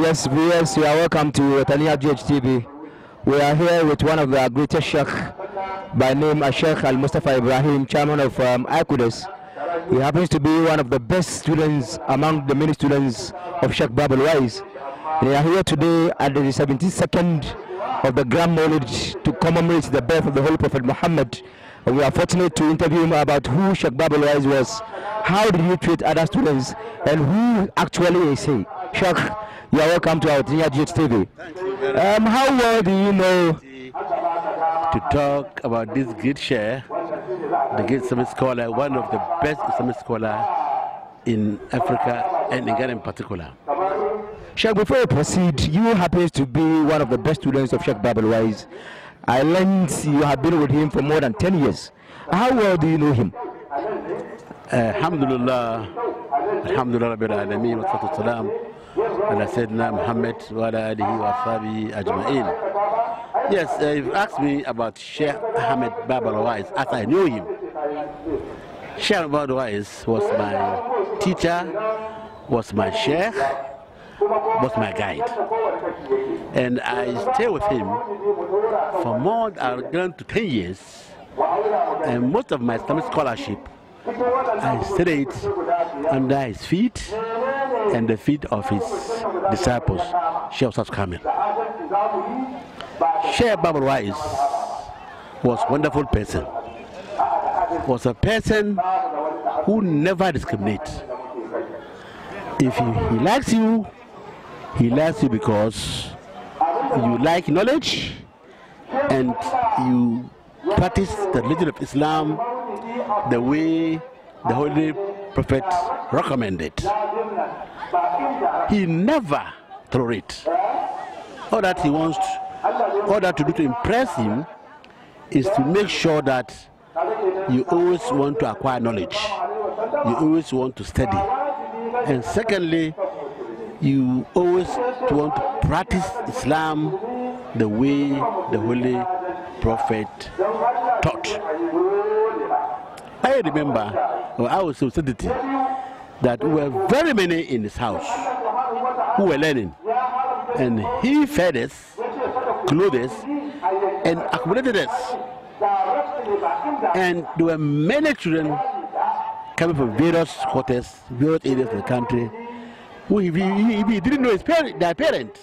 Yes, yes, you are welcome to Watania GHTV. We are here with one of the greatest sheikh by name uh, Sheikh Al Mustafa Ibrahim, chairman of um, Akudas. He happens to be one of the best students among the many students of Sheikh Babul Wise. They are here today at the 72nd of the Grand Knowledge to commemorate the birth of the Holy Prophet Muhammad. And we are fortunate to interview him about who Sheikh Babul Wise was, how did he treat other students, and who actually is he. Sheikh you are welcome to our Tinya GH TV. Um, how well do you know? To talk about this great share, the great Islamic scholar, one of the best Islamic scholar in Africa and in Ghana in particular. Sheikh, before you proceed, you happen to be one of the best students of Sheikh Babel Wise. I learned you have been with him for more than 10 years. How well do you know him? Uh, Alhamdulillah, Alhamdulillah Rabbil wa على سيدنا محمد وعلى آله وأصحابه أجمعين. Yes, uh, you've asked me about Sheikh Ahmed Babalawais as I knew him. Sheikh Babalawais was my teacher, was my sheikh, was my guide. And I stayed with him for more than 10 years. And most of my Islamic scholarship I stretched under his feet and the feet of his disciples. She was coming. Sheikh Wise was a wonderful person. Was a person who never discriminates. If he, he likes you, he likes you because you like knowledge and you practice the religion of Islam the way the Holy Prophet recommended. He never threw it. All that he wants, all that to do to impress him is to make sure that you always want to acquire knowledge. You always want to study. And secondly, you always want to practice Islam the way the Holy Prophet taught. I remember when I was in city that were very many in his house who were learning. And he fed us, clothed us, and accommodated us. And there were many children coming from various quarters, various areas of the country, who he, he, he didn't know his their parents.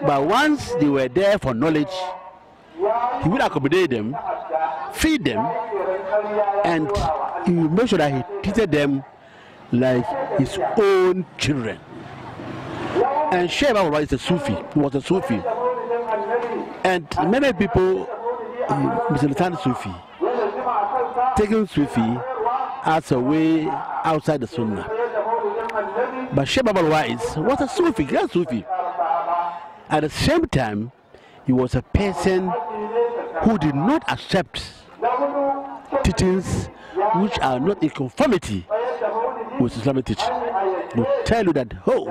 But once they were there for knowledge, he will accommodate them, feed them, and he will make sure that he treated them like his own children. And Sheikh Baba is a Sufi, he was a Sufi. And many people um, misunderstand Sufi, taking Sufi as a way outside the Sunnah. But Sheikh Baba was a Sufi, a Sufi. At the same time, he was a person who did not accept teachings which are not in conformity with Islamic teaching. Will tell you that oh,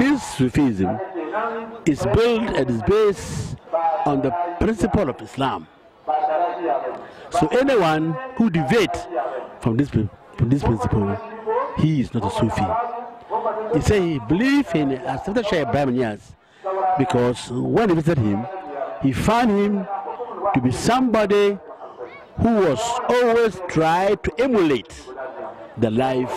this Sufism is built and is based on the principle of Islam. So anyone who deviates from this from this principle, he is not a Sufi. He said he believed in as Shah Ibrahim because when he visited him, he found him to be somebody who was always trying to emulate the life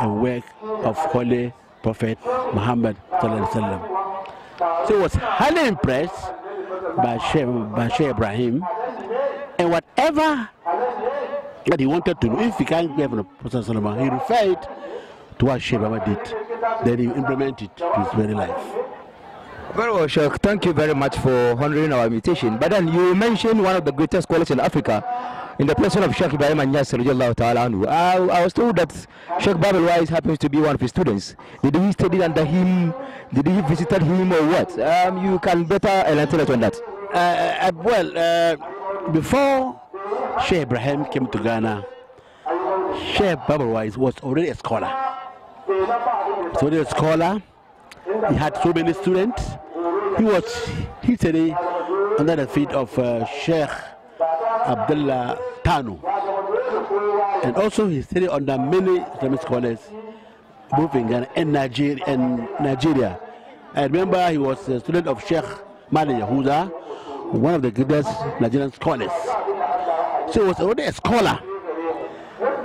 and work of Holy Prophet Muhammad. So he was highly impressed by Sheikh, by Sheikh Ibrahim and whatever that he wanted to do, if he can't give the Prophet he referred to what Sheikh Ibrahim did, then he implemented it to his very life. Very well, Sheikh. Thank you very much for honoring our invitation. But then you mentioned one of the greatest scholars in Africa in the person of Sheikh Ibrahim Anyas I, I was told that Sheikh Babel Wise happens to be one of his students. Did he study under him? Did he visit him or what? Um, you can better elaborate us on that. Uh, uh, uh, well, uh, before Sheikh Ibrahim came to Ghana, Sheikh Babel Wise was already a scholar. he was already a scholar. He had so many students he was hitted under the feet of uh, Sheikh Abdullah Tanu. And also he studied under many Islamic scholars, both in Ghana and Nigeria. And Nigeria. I remember he was a student of Sheikh Mali Yahuda, one of the greatest Nigerian scholars. So he was already a scholar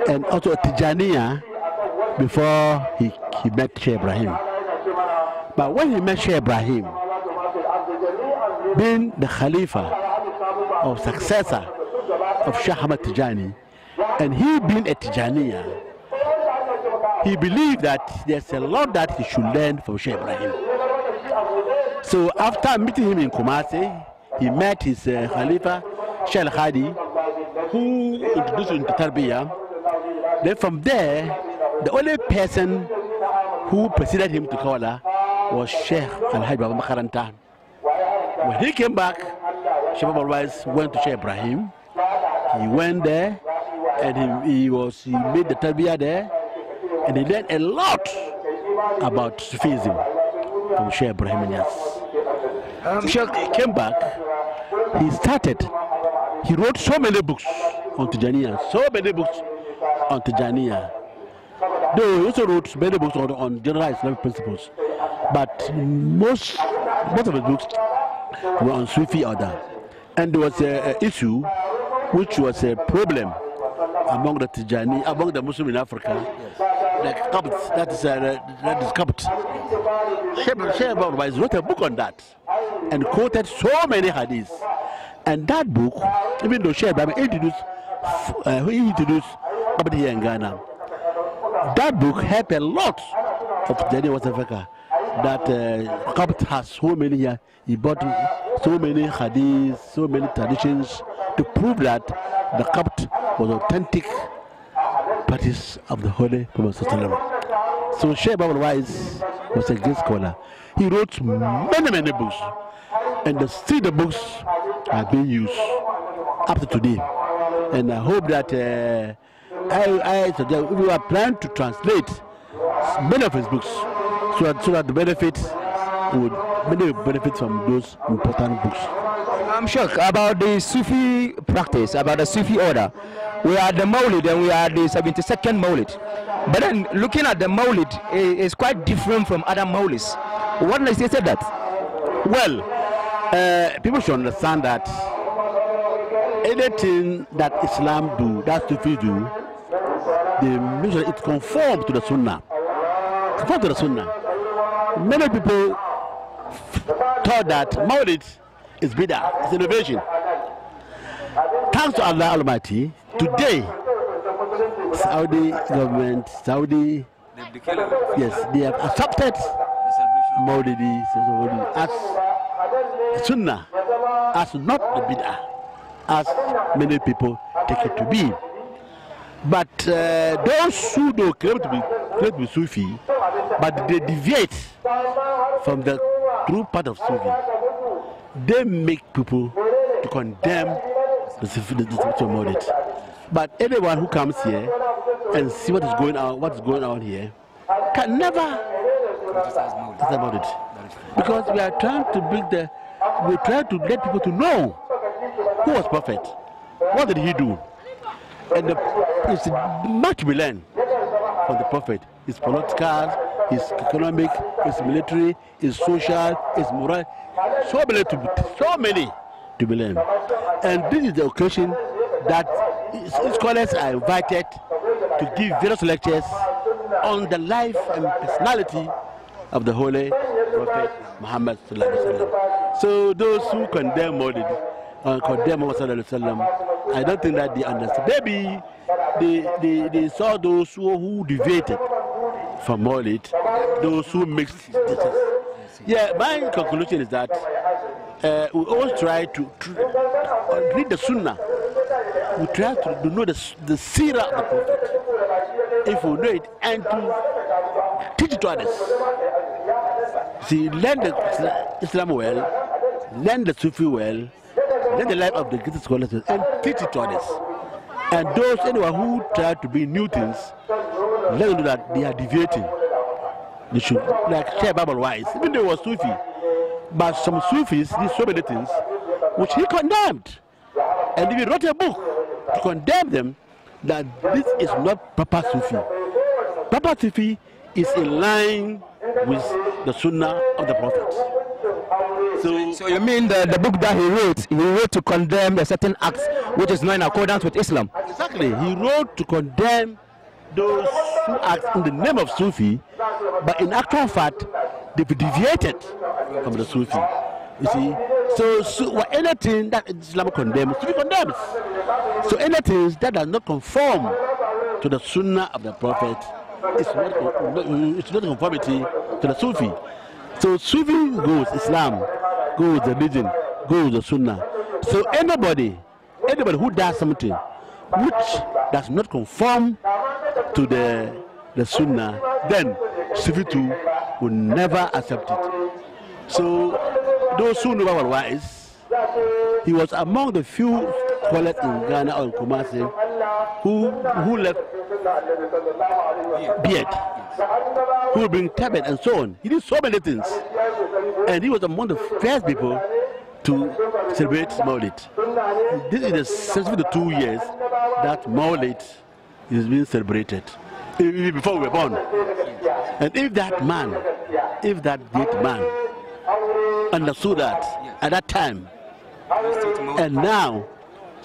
and also a Tijaniya before he, he met Sheikh Ibrahim. But when he met Sheikh Ibrahim, being the Khalifa or successor of Shah Tijani, and he being a Tijaniya, he believed that there's a lot that he should learn from Sheikh Ibrahim. So after meeting him in Kumasi, he met his uh, Khalifa Sheikh Hadi, who introduced him to Tarbiya. Then from there, the only person who preceded him to Kola was Sheikh Al-Hajj Baba Makarantan. When he came back, Sheikh Baba Rice went to Sheikh Ibrahim. He went there and he, he was he made the tabia there and he learned a lot about Sufism from Sheikh Ibrahim Nias. Um, Sheikh came back, he started, he wrote so many books on Tijaniya, so many books on Tijaniya. Though he also wrote many books on, on general Islamic principles. But most most of the books were on Sufi order, and there was an issue which was a problem among the Tijani, among the Muslim in Africa. Yes. The Qabt, that is uh, that is Qabt. Sheikh Babrabais wrote a book on that and quoted so many hadiths. And that book, even though Sheikh introduced, uh, he introduced here in Ghana, that book helped a lot of Tijani West Africa that uh, Qabt has so many, uh, he bought so many hadiths, so many traditions to prove that the Qabt was authentic practice of the Holy Prophet. So Sheikh Babul Wise was a great scholar. He wrote many, many books, and still the books are being used up to today. And I hope that uh, I, I suggest if you are planning to translate many of his books, so that, so that the benefits would maybe benefit from those important books. I'm shocked about the Sufi practice, about the Sufi order. We are the Maulid and we are the 72nd Maulid. But then looking at the Maulid is quite different from other Maulids. What makes you say that? Well, uh, people should understand that anything that Islam do, that Sufi do, the mission it conform to the Sunnah. Conform to the Sunnah. Many people thought that Maulid is bidah, it's innovation. Thanks to Allah Almighty, today Saudi government, Saudi, yes, they have accepted Maulidi as Sunnah, as not the bid'ah, as many people take it to be. But uh, those who do claim to be, claim to be Sufi, but they deviate from the true path of Sufi. They make people to condemn the spiritual moderate. But anyone who comes here and see what is going on, what is going on here, can never talk about it. Because we are trying to build the, we try to let people to know who was prophet, what did he do, and the, it's much we learn from the prophet, his political his economic, his military, his social, his moral. So many to, so many to And this is the occasion that scholars are invited to give various lectures on the life and personality of the Holy Prophet Muhammad. So those who condemn Maulid uh, condemn Muhammad, I don't think that they understand. Maybe they, they, they saw those who, who deviated from all it, those who mix disease. Yeah, my conclusion is that uh, we always try to, to read the Sunnah. We try to, know the, the Sira of the Prophet, if we know it, and to teach it to others. See, learn the Islam well, learn the Sufi well, learn the life of the great scholars and teach it to others. And those anyone who try to be new things, let them know that they are deviating. They should like share Bible wise. Even though was Sufi, but some Sufis did so many things which he condemned. And he wrote a book to condemn them that this is not proper Sufi. Proper Sufi is in line with the Sunnah of the Prophet. So, so, you mean the, the book that he wrote, he wrote to condemn a certain act which is not in accordance with Islam? Exactly. He wrote to condemn those who act in the name of Sufi, but in actual fact, they've deviated from the Sufi. You see, so, so anything that Islam condemns, Sufi condemns. So anything that does not conform to the Sunnah of the Prophet is not, it's not conformity to the Sufi. So Sufi goes Islam, goes religion, goes the Sunnah. So anybody, anybody who does something which does not conform to the, the Sunnah, then Sufi will never accept it. So those who knew our wise, he was among the few scholars in Ghana or in Kumasi who, who left beard, who bring tablet and so on. He did so many things. And he was among the first people to celebrate Maulid. This is the, the two years that Maulid is being celebrated before we were born. And if that man, if that great man understood that at that time, and now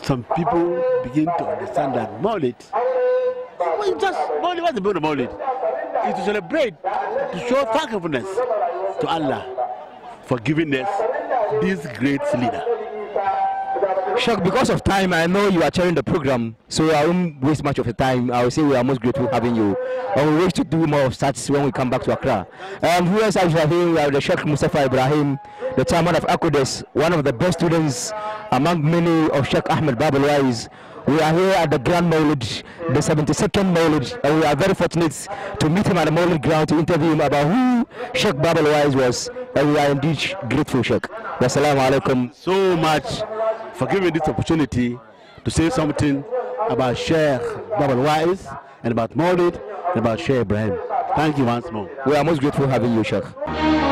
some people begin to understand that Maulid, We just Maulid, what's the point of Maulid? Is to celebrate, to show thankfulness to Allah for giving us this great leader. Shock, because of time, I know you are chairing the program, so I won't waste much of your time. I will say we are most grateful having you. And we wish to do more of stats when we come back to Accra. And who else are you having? We have the Sheikh Mustafa Ibrahim, the chairman of ACODES, one of the best students among many of Sheikh Ahmed Babelwais. We are here at the Grand Maulid, the 72nd Maulid, and we are very fortunate to meet him at the morning ground to interview him about who Sheikh Babelwais was. And we are indeed grateful, Sheikh. Wassalamu alaikum. So much for giving this opportunity to say something about Sheikh Babal Wise and about Maulid and about Sheikh Ibrahim. Thank you once more. We are most grateful having you, Sheikh.